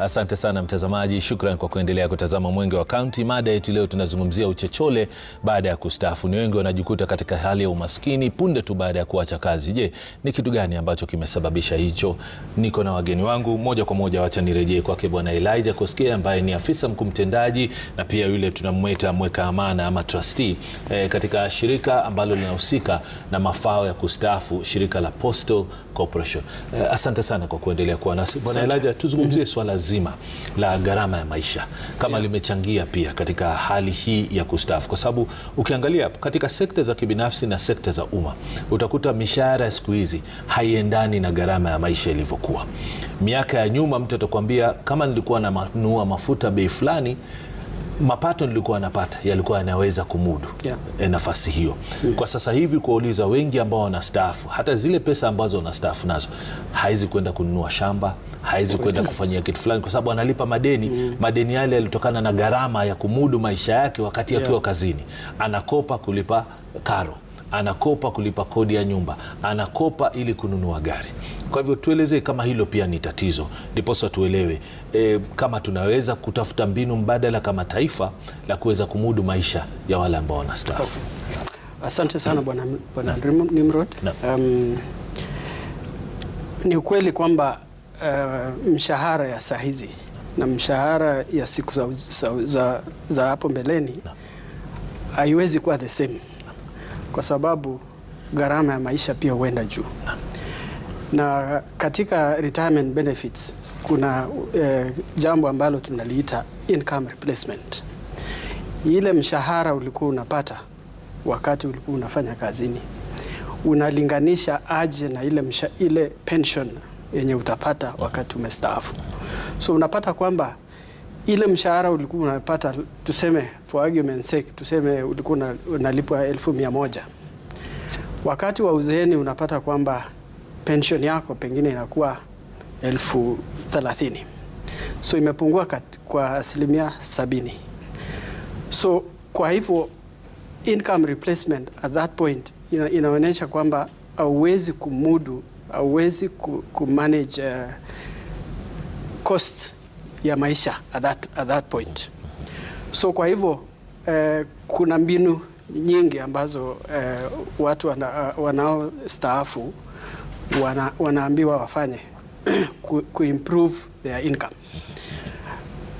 Asante sana mtazamaji, shukran kwa kuendelea kutazama Mwenge wa Kaunti. Mada yetu leo tunazungumzia uchochole baada ya kustaafu. Ni wengi wanajikuta katika hali ya umaskini punde tu baada ya kuacha kazi. Je, ni kitu gani ambacho kimesababisha hicho? Niko na wageni wangu moja kwa moja, wacha nirejee kwake Bwana Elijah Koskei ambaye ni afisa mkuu mtendaji na pia yule tunamweta mweka amana ama trustee e, katika shirika ambalo linahusika na mafao ya kustaafu, shirika la Postal Corporation. E, asante sana kwa kuendelea kuwa nasi Bwana Elijah, tuzungumzie mhm. swala zima la gharama ya maisha kama yeah, limechangia pia katika hali hii ya kustaafu, kwa sababu ukiangalia katika sekta za kibinafsi na sekta za umma utakuta mishahara ya siku hizi haiendani na gharama ya maisha ilivyokuwa miaka ya nyuma. Mtu atakwambia kama nilikuwa nanunua mafuta bei fulani mapato nilikuwa napata yalikuwa yanaweza kumudu yeah, e, nafasi hiyo mm. Kwa sasa hivi kuwauliza wengi ambao wanastaafu, hata zile pesa ambazo wanastaafu nazo haizi kwenda kununua shamba hawezi kwenda kufanyia kitu fulani kwa sababu analipa madeni mm. Madeni yale yalitokana na gharama ya kumudu maisha yake wakati akiwa yeah. kazini, anakopa kulipa karo, anakopa kulipa kodi ya nyumba, anakopa ili kununua gari. Kwa hivyo tuelezee kama hilo pia ni tatizo, ndiposa tuelewe e, kama tunaweza kutafuta mbinu mbadala kama taifa la kuweza kumudu maisha ya wale ambao wanastaafu. Asante sana bwana Nimrod. Um, ni ukweli kwamba uh, mshahara ya saa hizi na mshahara ya siku za, za, za, za hapo mbeleni haiwezi kuwa the same, kwa sababu gharama ya maisha pia huenda juu, na katika retirement benefits kuna eh, jambo ambalo tunaliita income replacement. Ile mshahara ulikuwa unapata wakati ulikuwa unafanya kazini unalinganisha aje na ile, msha, ile pension yenye utapata wakati umestaafu. So unapata kwamba ile mshahara ulikuwa unapata, tuseme for argument sake, tuseme ulikuwa unalipwa elfu mia moja wakati wa uzeeni, unapata kwamba pension yako pengine inakuwa elfu thelathini so imepungua kwa asilimia sabini. So kwa hivyo income replacement at that point ina, inaonyesha kwamba hauwezi kumudu hauwezi ku, ku manage uh, cost ya maisha at that, at that point. So kwa hivyo uh, kuna mbinu nyingi ambazo uh, watu wana, uh, wanaostaafu wana, wanaambiwa wafanye ku, ku improve their income.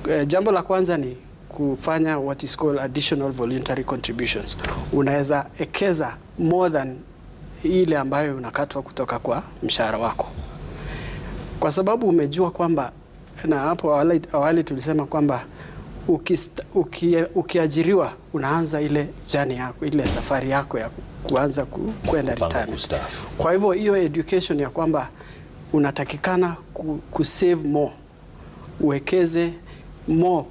Uh, jambo la kwanza ni kufanya what is called additional voluntary contributions. Unaweza ekeza more than ile ambayo unakatwa kutoka kwa mshahara wako, kwa sababu umejua kwamba, na hapo awali, awali tulisema kwamba ukista, uki, ukiajiriwa unaanza ile jani yako ile safari yako ya kuanza kwenda retirement. Kwa hivyo hiyo education ya kwamba unatakikana ku, ku save more uwekeze more,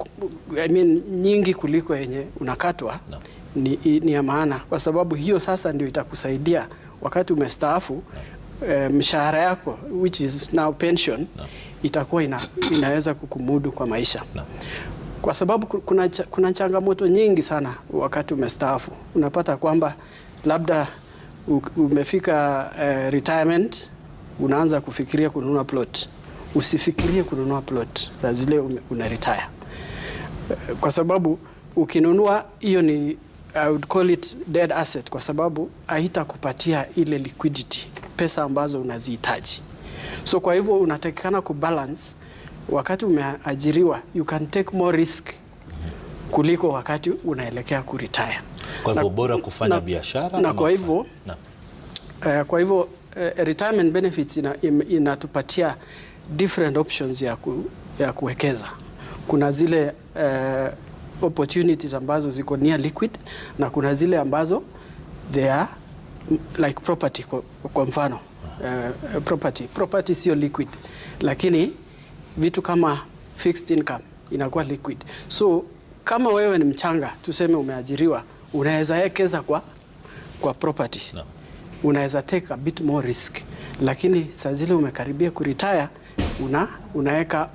I mean, nyingi kuliko yenye unakatwa no. Ni, ni ya maana kwa sababu hiyo sasa ndio itakusaidia wakati umestaafu e, eh, mshahara yako which is now pension na. itakuwa ina, inaweza kukumudu kwa maisha na. Kwa sababu kuna, kuna changamoto nyingi sana wakati umestaafu. Unapata kwamba labda umefika uh, retirement, unaanza kufikiria kununua plot. Usifikirie kununua plot za zile una retire, eh, kwa sababu ukinunua hiyo ni I would call it dead asset kwa sababu haitakupatia ile liquidity, pesa ambazo unazihitaji. So kwa hivyo unatakikana kubalance wakati umeajiriwa, you can take more risk kuliko wakati unaelekea kuretire. Kwa hivyo bora kufanya biashara na kwa hivyo uh, kwa hivyo uh, retirement benefits ina, inatupatia ina different options ya, ku, ya kuwekeza. Kuna zile uh, opportunities ambazo ziko near liquid na kuna zile ambazo they are mm, like property. Kwa, kwa mfano uh, property property sio liquid, lakini vitu kama fixed income inakuwa liquid. So kama wewe ni mchanga, tuseme umeajiriwa, unaweza wekeza kwa, kwa property no. Unaweza take a bit more risk, lakini saa zile umekaribia kuretire, una unaweka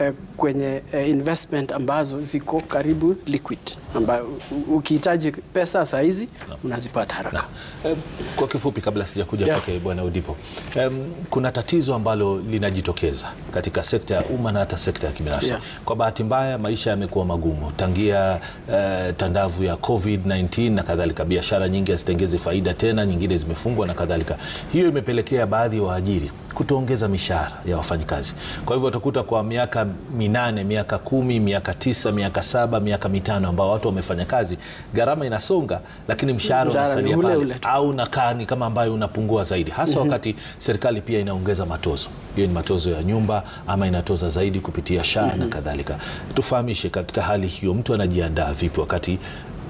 eh, kwenye eh, investment ambazo ziko karibu liquid, ambayo ukihitaji pesa saa hizi no. unazipata haraka no. Eh, kwa kifupi kabla sijakuja yeah. kwake Bwana Udipo eh, kuna tatizo ambalo linajitokeza katika sekta ya umma na hata sekta ya kibinafsi yeah. Kwa bahati mbaya maisha yamekuwa magumu tangia eh, tandavu ya COVID-19 na kadhalika, biashara nyingi hazitengezi faida tena, nyingine zimefungwa na kadhalika. Hiyo imepelekea baadhi ya waajiri kutoongeza mishahara ya wafanyikazi. Kwa hivyo utakuta kwa miaka minane, miaka kumi, miaka tisa, miaka saba, miaka mitano ambao watu wamefanya kazi, gharama inasonga, lakini mshahara unasalia pale au nakaa ni kama ambayo unapungua zaidi, hasa mhm. wakati serikali pia inaongeza matozo. Hiyo ni matozo ya nyumba ama inatoza zaidi kupitia SHA na mhm. kadhalika. Tufahamishe, katika hali hiyo mtu anajiandaa vipi wakati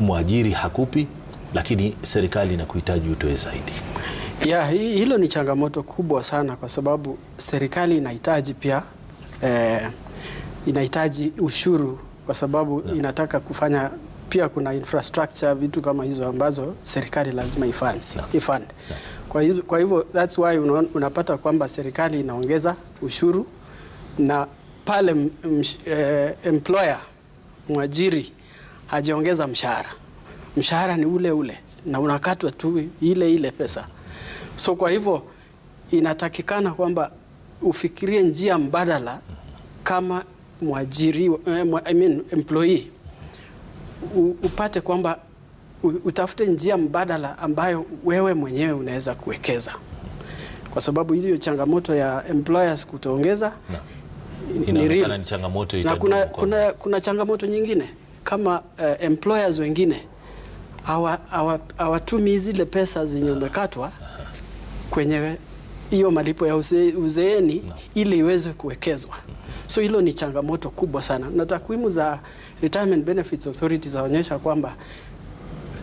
mwajiri hakupi, lakini serikali inakuhitaji utoe zaidi? Ya, hilo ni changamoto kubwa sana kwa sababu serikali inahitaji pia eh, inahitaji ushuru kwa sababu yeah, inataka kufanya pia kuna infrastructure vitu kama hizo ambazo serikali lazima ifund. Yeah. Ifund. Yeah. Kwa hivyo, kwa hivyo that's why unapata kwamba serikali inaongeza ushuru na pale m, m, eh, employer mwajiri hajaongeza mshahara. Mshahara ni ule ule na unakatwa tu ile ile pesa. So kwa hivyo inatakikana kwamba ufikirie njia mbadala kama mwajiri, eh, I mean employee, upate kwamba utafute njia mbadala ambayo wewe mwenyewe unaweza kuwekeza, kwa sababu hiyo changamoto ya employers kutoongeza ni real. Ni changamoto na kuna, kuna, kuna changamoto nyingine kama uh, employers wengine hawatumi hawa, hawa zile pesa zenye umekatwa kwenye hiyo malipo ya uze, uzeeni no. ili iweze kuwekezwa mm -hmm. So hilo ni changamoto kubwa sana, na takwimu za Retirement Benefits Authority zaonyesha kwamba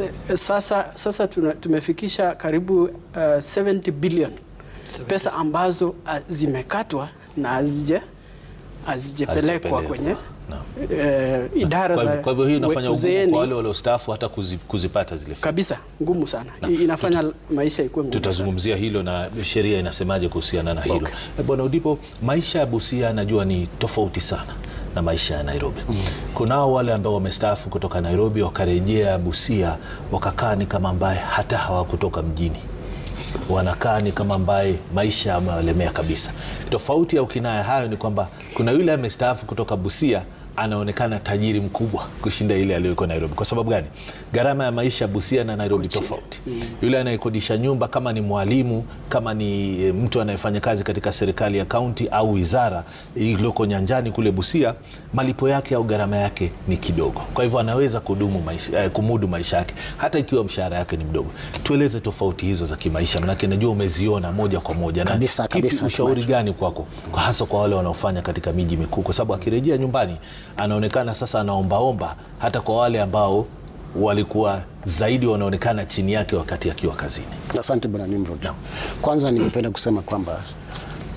eh, sasa, sasa tuna, tumefikisha karibu uh, eh, 70 billion pesa ambazo uh, zimekatwa na hazija hazijapelekwa kwenye e, idara za kwa hivyo hii inafanya ugumu kwa wale waliostaafu hata kuzipata zile kabisa, ngumu sana na, inafanya tuta, maisha ikuwe ngumu. Tutazungumzia hilo na sheria inasemaje kuhusiana na hilo okay. Eh, Bwana Udipo, maisha ya Busia najua ni tofauti sana na maisha ya Nairobi mm. Kunao wale ambao wamestaafu kutoka Nairobi wakarejea Busia wakakaa ni kama ambaye hata hawakutoka mjini wanakaa ni kama ambaye maisha yamelemea kabisa. Tofauti ya ukinaya hayo ni kwamba kuna yule amestaafu kutoka Busia anaonekana tajiri mkubwa kushinda ile aliyoiko Nairobi. Kwa sababu gani? Gharama ya maisha Busia na Nairobi tofauti. mm. Yule anayekodisha nyumba, kama ni mwalimu, kama ni eh, mtu anayefanya kazi katika serikali ya kaunti au wizara iliyoko nyanjani kule Busia, malipo yake au gharama yake ni kidogo, kwa hivyo anaweza kudumu maisha, eh, kumudu maisha yake hata ikiwa mshahara yake ni mdogo. Tueleze tofauti hizo za kimaisha, manake najua umeziona moja kwa moja kabisa, kabisa. Ushauri gani kwako, kwa hasa kwa wale wanaofanya katika miji mikuu, kwa sababu akirejea nyumbani anaonekana sasa anaombaomba hata kwa wale ambao walikuwa zaidi wanaonekana chini yake wakati akiwa ya kazini. Asante bwana Nimrod. No. Kwanza ningependa kusema kwamba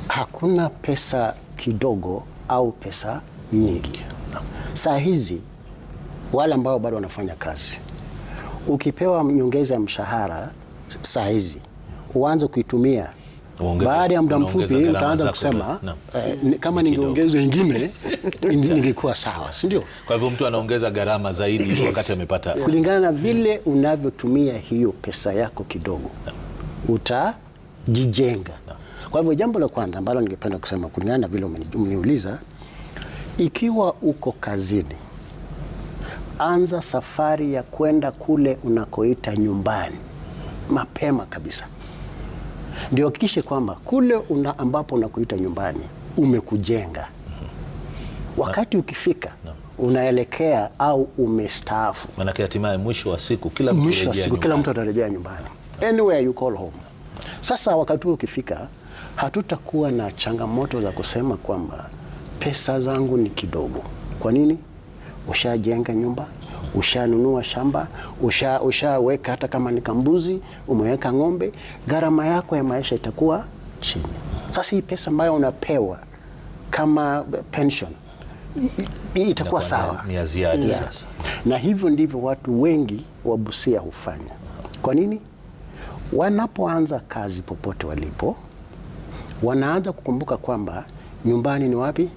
hakuna pesa kidogo au pesa nyingi. No. Saa hizi wale ambao bado wanafanya kazi, ukipewa nyongeza ya mshahara saa hizi uanze kuitumia baada ya muda mfupi utaanza kusema eh, kama ningeongezwa ingine ningekuwa sawa, si ndio? Kwa hivyo mtu anaongeza gharama zaidi yes, wakati amepata kulingana na vile unavyotumia hiyo pesa yako kidogo yeah, utajijenga yeah. Kwa hivyo jambo la kwanza ambalo ningependa kusema kulingana na vile umeniuliza, ikiwa uko kazini, anza safari ya kwenda kule unakoita nyumbani mapema kabisa ndio hakikishe kwamba kule una ambapo unakuita nyumbani umekujenga wakati ukifika unaelekea au umestaafu, manake hatimaye mwisho wa siku kila mtu mwisho wa siku kila mtu atarejea nyumbani anywhere you call home. Sasa wakati huo ukifika, hatutakuwa na changamoto za kusema kwamba pesa zangu ni kidogo. Kwa nini? Ushajenga nyumba Ushanunua shamba, ushaweka, usha hata kama ni kambuzi, umeweka ng'ombe, gharama yako ya maisha itakuwa chini. Sasa hii pesa ambayo unapewa kama pension hii itakuwa sawa, ni ziada yeah. Sasa na hivyo ndivyo watu wengi wa Busia hufanya. Kwa nini? Wanapoanza kazi popote walipo, wanaanza kukumbuka kwamba nyumbani ni wapi?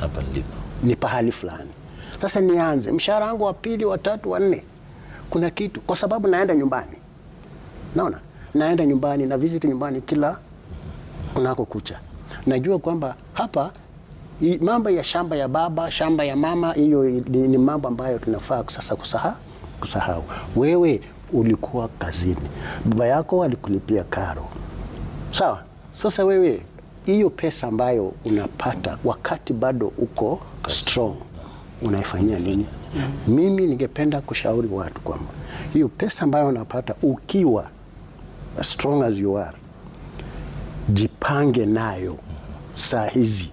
Hapa nilipo, ni pahali fulani. Sasa nianze mshahara wangu wa pili, wa tatu, wa nne, kuna kitu, kwa sababu naenda nyumbani, naona naenda nyumbani na visit nyumbani kila kunako kucha. Najua kwamba hapa mambo ya shamba ya baba, shamba ya mama, hiyo ni mambo ambayo tunafaa sasa kusaha, kusahau. Wewe ulikuwa kazini, baba yako alikulipia karo, sawa. Sasa wewe hiyo pesa ambayo unapata wakati bado uko strong unaifanyia nini? mm. -hmm. Mimi ningependa kushauri watu kwamba hiyo pesa ambayo unapata ukiwa as strong as you are, jipange nayo saa hizi,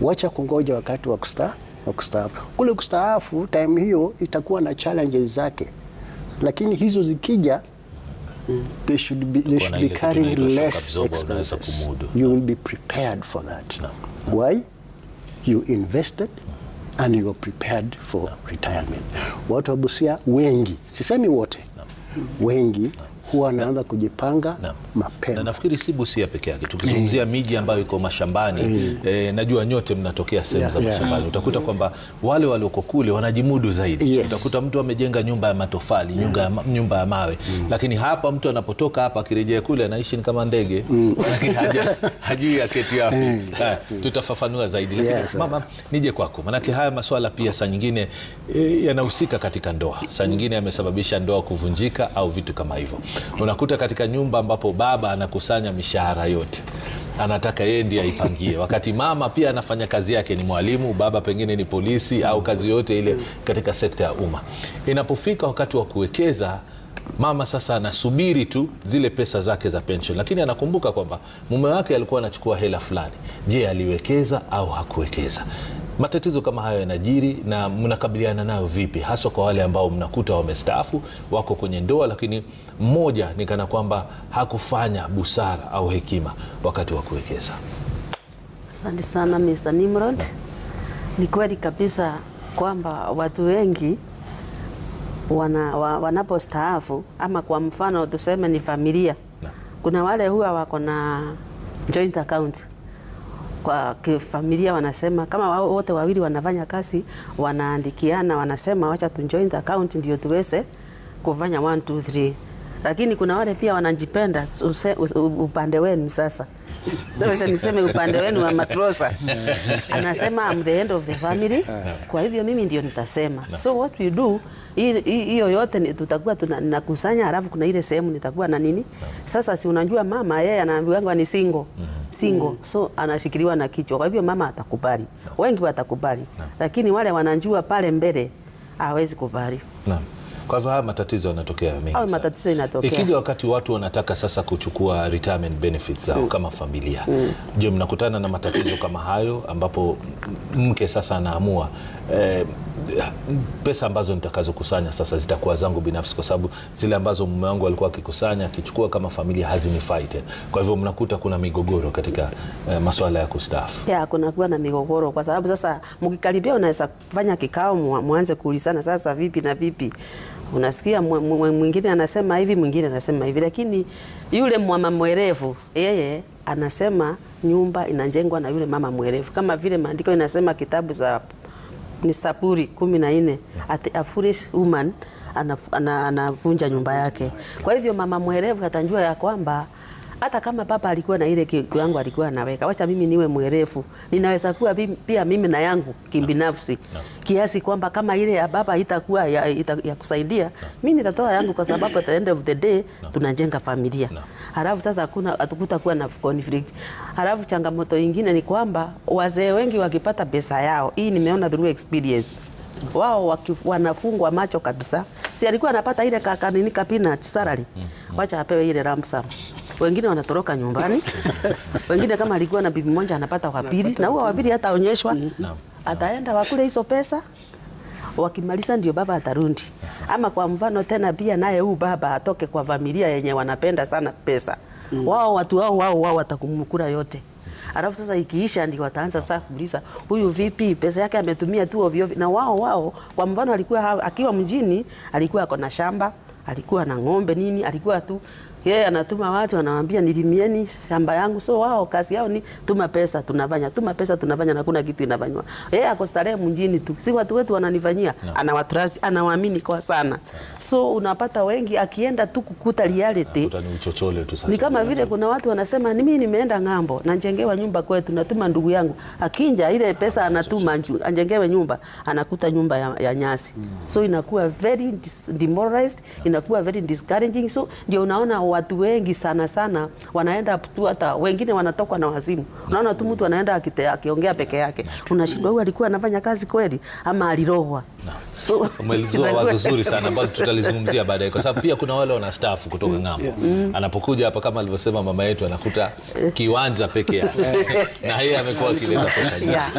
wacha kungoja wakati wa kustaafu. Kule kustaafu time hiyo itakuwa na challenges zake, lakini hizo zikija mm. they should be, they should be carrying less expenses. You will be prepared for that. Why? You invested and you are prepared for retirement. Watu wa Busia wengi, sisemi wote, wengi huwa anaanza na, kujipanga na, mapema. Na nafikiri si Busia peke yake, tukizungumzia eh. miji ambayo iko mashambani e, e, najua nyote mnatokea sehemu za yeah, mashambani yeah. Utakuta mm. kwamba wale walioko kule wanajimudu zaidi yes. Utakuta mtu amejenga nyumba ya matofali yeah. nyumba, nyumba ya mawe mm. Lakini hapa mtu anapotoka hapa akirejea kule anaishi kama ndege mm. hajui aketi yapi mm. tutafafanua zaidi yes, lakini, mama nije kwako, manake haya maswala pia saa nyingine e, yanahusika katika ndoa, saa nyingine yamesababisha ndoa kuvunjika au vitu kama hivyo unakuta katika nyumba ambapo baba anakusanya mishahara yote anataka yeye ndiye aipangie, wakati mama pia anafanya kazi yake, ni mwalimu, baba pengine ni polisi au kazi yoyote ile katika sekta ya umma. Inapofika wakati wa kuwekeza, mama sasa anasubiri tu zile pesa zake za pension, lakini anakumbuka kwamba mume wake alikuwa anachukua hela fulani. Je, aliwekeza au hakuwekeza? matatizo kama hayo yanajiri na mnakabiliana nayo vipi, haswa kwa wale ambao mnakuta wamestaafu wako kwenye ndoa, lakini mmoja ni kana kwamba hakufanya busara au hekima wakati wa kuwekeza? Asante sana Mr. Nimrod Ni kweli kabisa kwamba watu wengi wana, wa, wanapostaafu ama kwa mfano tuseme ni familia na. Kuna wale huwa wako na joint account kwa kifamilia wanasema kama wote wawili wanafanya kazi, wanaandikiana, wanasema wacha tu join the account ndio tuweze kufanya 1 2 3 lakini kuna wale pia wanajipenda upande wenu. Sasa acha niseme upande wenu wa Matrosa anasema I'm the end of the family, kwa hivyo mimi ndio nitasema So what we do hiyo yote tutakuwa tunakusanya, alafu kuna ile sehemu nitakuwa na nini Sasa si unajua mama yeye anaambiwa ni single single so anashikiliwa na kichwa, kwa hivyo mama atakubali wengi watakubali lakini wale wanajua pale mbele hawezi kubali kwa hivyo haya matatizo yanatokea mengi sana. Matatizo yanatokea. Ikija wakati watu wanataka sasa kuchukua retirement benefits zao mm. kama familia mm. Je, mnakutana na matatizo kama hayo ambapo mke sasa anaamua eh, pesa ambazo nitakazokusanya sasa zitakuwa zangu binafsi, kwa sababu zile ambazo mume wangu alikuwa akikusanya akichukua kama familia hazinifai tena. Kwa hivyo mnakuta kuna migogoro katika eh, masuala ya kustaafu. Ya, kuna kuwa na migogoro kwa sababu sasa mkikaribia, unaweza fanya kikao, mwanze kuulizana sasa vipi na vipi Unasikia mwingine anasema hivi, mwingine anasema hivi, lakini yule mama mwerevu yeye anasema nyumba inajengwa na yule mama mwerevu, kama vile maandiko inasema kitabu za ni Saburi kumi na nne ati a foolish woman anavunja nyumba yake. Kwa hivyo mama mwerevu atajua ya kwamba hata kama papa alikuwa na ile kiwango alikuwa anaweka, wacha mimi niwe mwerefu, ninaweza kuwa pia mimi na yangu kibinafsi kiasi kwamba kama ile ya baba itakuwa ya, ita, ya kusaidia no. mimi nitatoa yangu, kwa sababu at the end of the day tunajenga familia halafu sasa hakuna hatukuta kuwa na conflict. Halafu changamoto nyingine ni kwamba wazee wengi wakipata pesa yao, hii nimeona through experience wao wanafungwa macho kabisa. Si alikuwa anapata ile kakanini kapina salary, mm. wacha apewe ile lump wengine wanatoroka nyumbani wengine kama alikuwa na bibi moja anapata wapili na huwa wapili hata hataonyeshwa mm-hmm. ataenda wakule hizo pesa wakimaliza ndio baba atarundi. Ama kwa mfano tena pia naye huu baba atoke kwa familia yenye wanapenda sana pesa mm. wao watu wao wao wao watakumkura yote, alafu sasa ikiisha ndio wataanza sasa kuuliza huyu vipi, pesa yake ametumia tu ovyo ovyo. Na wao wao kwa mfano alikuwa akiwa mjini, alikuwa ako na shamba, alikuwa na ng'ombe nini, alikuwa tu yeye yeah, anatuma watu anawaambia nilimieni shamba yangu, so wao kazi yao ni tuma pesa tunafanya, tuma pesa tunafanya, na kuna kitu inafanywa. Yeye yeah, ako starehe mjini tu, si watu wetu wananifanyia no. Anawatrust, anawaamini kwa sana, so unapata wengi akienda tu kukuta reality ni uchochole tu. Sasa ni kama vile kuna watu wanasema ni mimi nimeenda ng'ambo na njengewa nyumba kwetu, natuma ndugu yangu, akinja ile pesa ah, anatuma anjengewe nyumba, anakuta nyumba ya, ya nyasi mm. so inakuwa very demoralized, yeah. inakuwa very discouraging, so ndio unaona watu wengi sana sana wanaenda tu, hata wengine wanatokwa na wazimu. Unaona tu mtu anaenda akiongea peke yake, unashindwa huyu alikuwa anafanya kazi kweli ama alirohwa? So, umelizua wazo zuri sana ambalo tutalizungumzia baadaye, kwa sababu pia kuna wale wanastaafu kutoka ng'ambo. Mm. Mm. Anapokuja hapa kama alivyosema mama yetu, anakuta eh. kiwanja peke yake na yeye amekuwa akileta pesa yeah.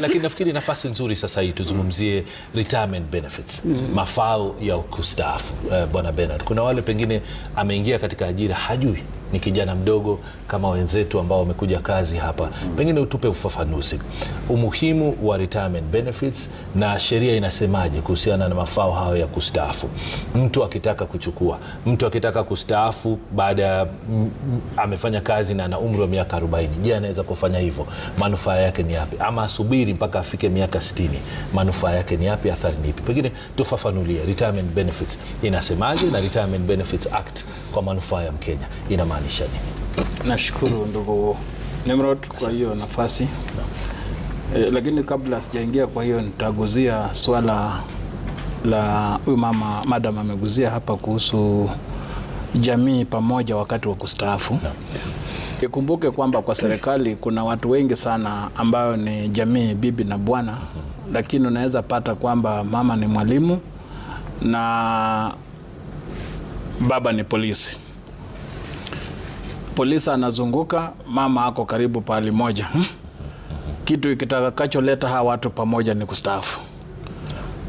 Lakini nafikiri nafasi nzuri sasa hii tuzungumzie retirement benefits, mm. mafao ya kustaafu. Uh, Bwana Bernard, kuna wale pengine ameingia katika tajiri hajui ni kijana mdogo kama wenzetu ambao wamekuja kazi hapa mm. Pengine utupe ufafanuzi umuhimu wa retirement benefits na sheria inasemaje kuhusiana na mafao hayo ya kustaafu, mtu akitaka kuchukua, mtu akitaka kustaafu baada ya amefanya kazi na ana umri wa miaka 40. Je, anaweza kufanya hivyo? Manufaa yake ni yapi? Ama asubiri mpaka afike miaka 60? Manufaa yake ni yapi? Athari ni ipi? Pengine tufafanulie retirement benefits inasemaje na Retirement Benefits Act kwa manufaa ya Mkenya ina inamaanisha nini? Nashukuru ndugu Nimrod kwa hiyo nafasi e, lakini kabla sijaingia kwa hiyo nitaguzia swala la huyu mama madam ameguzia hapa kuhusu jamii pamoja wakati wa kustaafu. Ikumbuke kwamba kwa serikali kuna watu wengi sana ambayo ni jamii bibi na bwana, lakini unaweza pata kwamba mama ni mwalimu na baba ni polisi polisi anazunguka, mama ako karibu pahali moja hmm? Kitu kitakacholeta hawa watu pamoja ni kustaafu.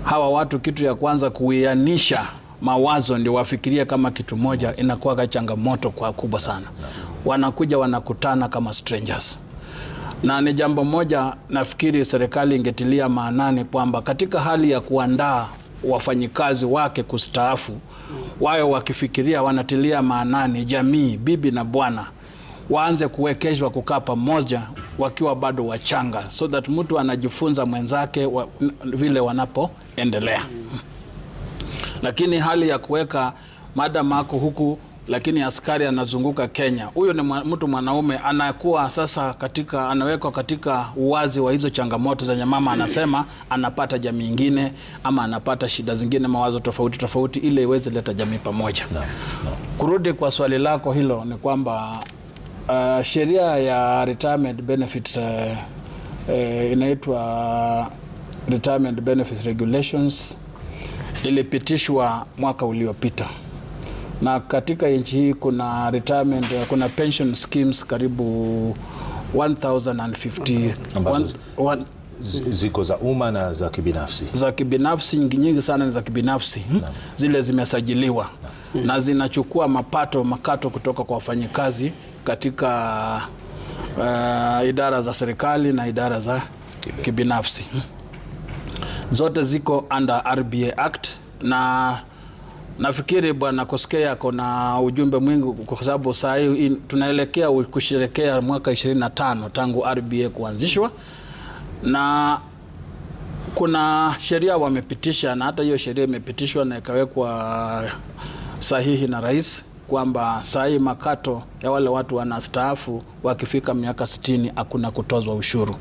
Hawa watu kitu ya kwanza kuianisha mawazo ndio wafikirie kama kitu moja, inakuwa changamoto kwa kubwa sana. Wanakuja wanakutana kama strangers, na ni jambo moja nafikiri serikali ingetilia maanani kwamba katika hali ya kuandaa wafanyikazi wake kustaafu wawe wakifikiria wanatilia maanani jamii, bibi na bwana waanze kuwekeshwa kukaa pamoja wakiwa bado wachanga, so that mtu anajifunza mwenzake wa, vile wanapoendelea. Lakini hali ya kuweka madam ako huku lakini askari anazunguka Kenya. Huyo ni mtu mwanaume, anakuwa sasa katika, anawekwa katika uwazi wa hizo changamoto zenye mama anasema anapata jamii ingine ama anapata shida zingine, mawazo tofauti tofauti, ile iweze leta jamii pamoja. No, no. Kurudi kwa swali lako hilo ni kwamba uh, sheria ya retirement benefits uh, uh, inaitwa Retirement Benefits Regulations ilipitishwa mwaka uliopita na katika nchi hii kuna retirement, kuna pension schemes karibu 1050 ziko za umma na za kibinafsi. Za kibinafsi nyingi sana ni za kibinafsi hmm? na zile zimesajiliwa na, na zinachukua mapato makato kutoka kwa wafanyikazi katika uh, idara za serikali na idara za kibinafsi. Hmm? Zote ziko under RBA Act na Nafikiri Bwana Koskei ako na ujumbe mwingi kwa sababu saa hii tunaelekea kusherekea mwaka 25 tangu RBA kuanzishwa na kuna sheria wamepitisha, na hata hiyo sheria imepitishwa na ikawekwa sahihi na rais kwamba saa hii makato ya wale watu wanastaafu wakifika miaka 60 hakuna kutozwa ushuru,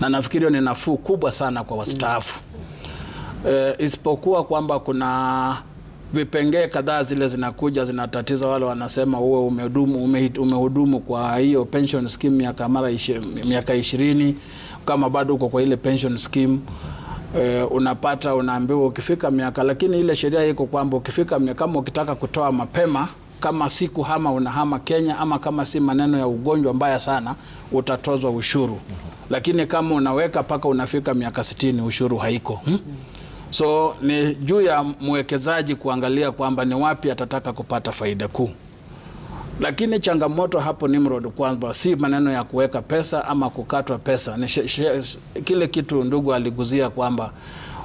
na nafikiri ni nafuu kubwa sana kwa wastaafu mm. E, isipokuwa kwamba kuna vipengee kadhaa zile zinakuja zinatatiza wale wanasema uwe umehudumu ume, umehudumu kwa hiyo pension scheme miaka mara miaka ishirini kama bado uko kwa ile pension scheme e, unapata unaambiwa ukifika miaka, lakini ile sheria iko kwamba ukifika miaka, kama ukitaka kutoa mapema kama siku hama unahama Kenya ama kama si maneno ya ugonjwa mbaya sana utatozwa ushuru, lakini kama unaweka mpaka unafika miaka sitini ushuru haiko hmm? So ni juu ya mwekezaji kuangalia kwamba ni wapi atataka kupata faida kuu. Lakini changamoto hapo Nimrod, kwamba si maneno ya kuweka pesa ama kukatwa pesa. Ni kile kitu ndugu aliguzia kwamba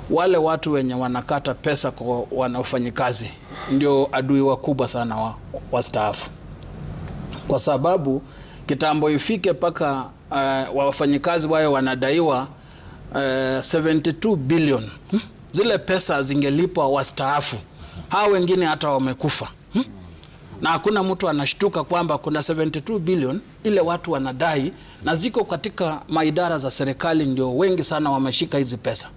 wale watu wenye wanakata pesa kwa wanaofanyikazi ndio adui wakubwa sana wa, wa kwa sababu kitambo ifike mpaka uh, eh, wafanyikazi wao wanadaiwa uh, 72 bilioni hmm? zile pesa zingelipwa wastaafu, hao wengine hata wamekufa hmm? na hakuna mtu anashtuka kwamba kuna 72 billion ile watu wanadai, na ziko katika maidara za serikali, ndio wengi sana wameshika hizi pesa,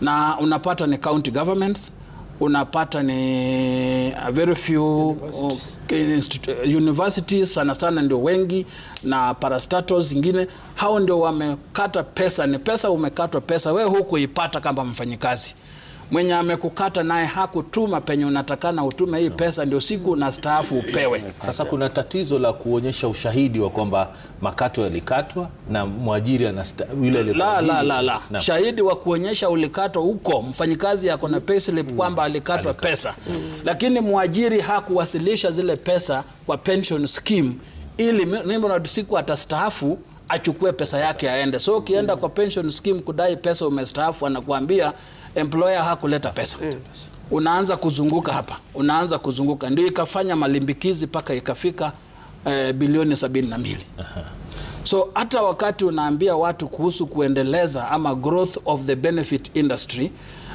na unapata ni county governments unapata ni uh, very few uh, universities, sana sana ndio wengi, na parastatos zingine, hao ndio wamekata pesa. Ni pesa umekatwa pesa, we hukuipata kama mfanyikazi mwenye amekukata naye hakutuma penye unatakana utume hii pesa, ndio siku unastaafu upewe. Sasa kuna tatizo la kuonyesha ushahidi wa kwamba makato yalikatwa na mwajiri anasta yule la, la, la, la. Na shahidi wa kuonyesha ulikatwa huko, mfanyikazi ako na payslip mm. kwamba alikatwa pesa mm. Lakini mwajiri hakuwasilisha zile pesa kwa pension scheme ili mimi siku atastaafu achukue pesa yake aende. So ukienda mm. kwa pension scheme kudai pesa umestaafu, anakuambia employer hakuleta pesa mm. Unaanza kuzunguka hapa, unaanza kuzunguka, ndio ikafanya malimbikizi mpaka ikafika eh, bilioni sabini na mbili. Aha. So hata wakati unaambia watu kuhusu kuendeleza ama growth of the benefit industry,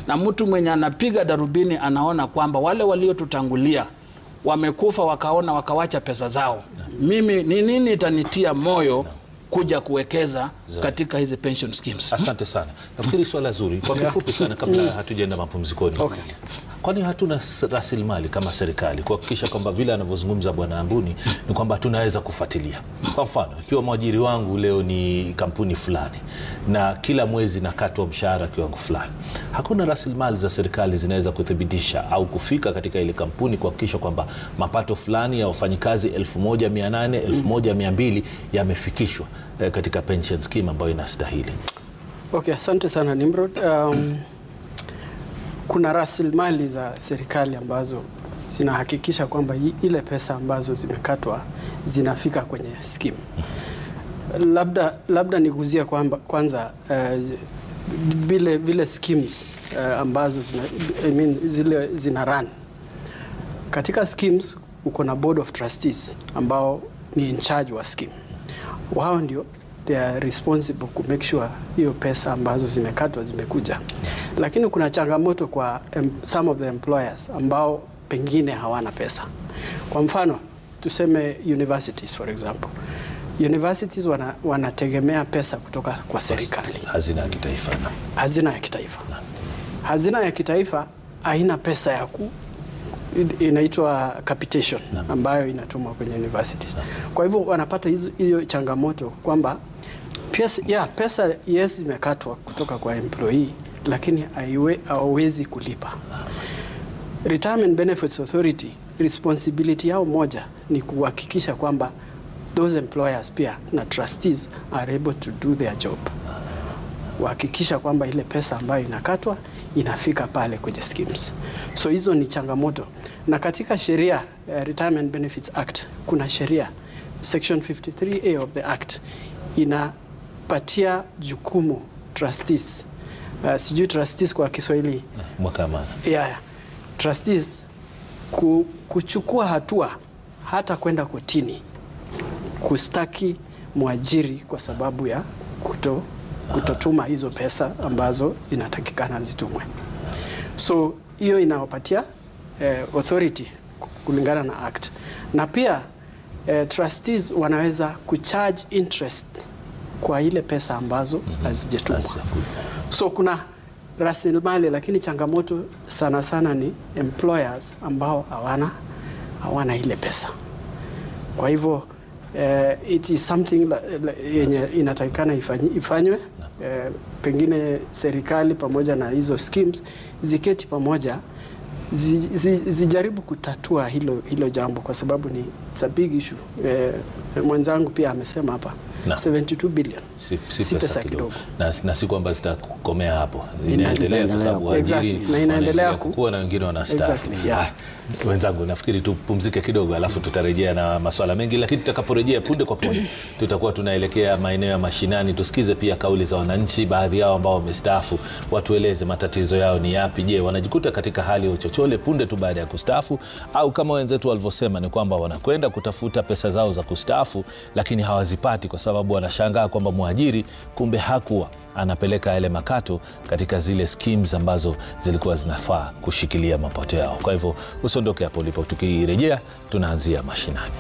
na mtu mwenye anapiga darubini anaona kwamba wale waliotutangulia wamekufa wakaona wakawacha pesa zao, mimi ni nini itanitia moyo kuja kuwekeza Zai. katika hizi pension schemes. Asante sana, nafikiri swala zuri. Kwa kifupi sana kabla mm. hatujaenda mapumzikoni okay kwani hatuna rasilimali kama serikali kuhakikisha kwamba vile anavyozungumza Bwana Ambuni ni kwamba tunaweza kufuatilia. Kwa mfano, ikiwa mwajiri wangu leo ni kampuni fulani na kila mwezi nakatwa mshahara kiwango fulani, hakuna rasilimali za serikali zinaweza kuthibitisha au kufika katika ile kampuni kuhakikisha kwamba mapato fulani ya wafanyikazi 1800 1200 yamefikishwa eh, katika pension scheme ambayo inastahili. Okay, asante sana Nimrod. Um kuna rasilimali za serikali ambazo zinahakikisha kwamba ile pesa ambazo zimekatwa zinafika kwenye skimu. Labda, labda niguzie kwamba kwanza eh, vile uh, vile schemes uh, ambazo zina, I mean, zile zina run katika schemes, uko na board of trustees ambao ni in charge wa scheme, wao ndio they are responsible ku make sure hiyo pesa ambazo zimekatwa zimekuja, lakini kuna changamoto kwa some of the employers ambao pengine hawana pesa. Kwa mfano tuseme universities for example, universities wana, wanategemea pesa kutoka kwa serikali, hazina ya kitaifa hazina ya kitaifa, hazina ya kitaifa haina pesa ya ku inaitwa capitation ambayo inatumwa kwenye universities. Kwa hivyo wanapata hiyo changamoto kwamba Pesa, yeah, pesa yes imekatwa kutoka kwa employee lakini hawawezi kulipa. Retirement Benefits Authority responsibility yao moja ni kuhakikisha kwamba those employers pia na trustees are able to do their job, kuhakikisha kwamba ile pesa ambayo inakatwa inafika pale kwenye schemes. So hizo ni changamoto, na katika sheria uh, Retirement Benefits Act kuna sheria section 53A of the act ina kupatia jukumu trustees. Uh, sijui trustees kwa Kiswahili yeah, trustees ku, kuchukua hatua hata kwenda kotini kustaki mwajiri kwa sababu ya kuto, kutotuma hizo pesa ambazo zinatakikana zitumwe. So hiyo inawapatia eh, authority kulingana na act, na pia eh, trustees wanaweza kucharge interest kwa ile pesa ambazo hazijatumwa. Mm -hmm. So kuna rasilimali lakini changamoto sana sana ni employers ambao hawana hawana ile pesa. Kwa hivyo uh, it is something yenye inatakikana ifanywe. Uh, pengine serikali pamoja na hizo schemes ziketi pamoja zi, zi, zijaribu kutatua hilo, hilo jambo kwa sababu ni it's a big issue. Uh, mwenzangu pia amesema hapa na 72 billion si, si, si pesa kidogo, na, na si kwamba zitakomea hapo, inaendelea kwa sababu exactly. na inaendelea kuwa na wengine staff exactly, yeah. Ah wenzangu, nafikiri tupumzike kidogo, alafu tutarejea na maswala mengi, lakini tutakaporejea punde kwa punde tutakuwa tunaelekea maeneo ya mashinani, tusikize pia kauli za wananchi, baadhi yao ambao wamestaafu, watueleze matatizo yao ni yapi. Je, wanajikuta katika hali ya uchochole punde tu baada ya kustaafu, au kama wenzetu walivyosema ni kwamba wanakwenda kutafuta pesa zao za kustaafu, lakini hawazipati kwa sababu wanashangaa kwamba mwajiri kumbe hakuwa anapeleka yale makato katika zile skims ambazo zilikuwa zinafaa kushikilia mapato yao. Kwa hivyo usiondoke hapo ulipo. Tukirejea tunaanzia mashinani.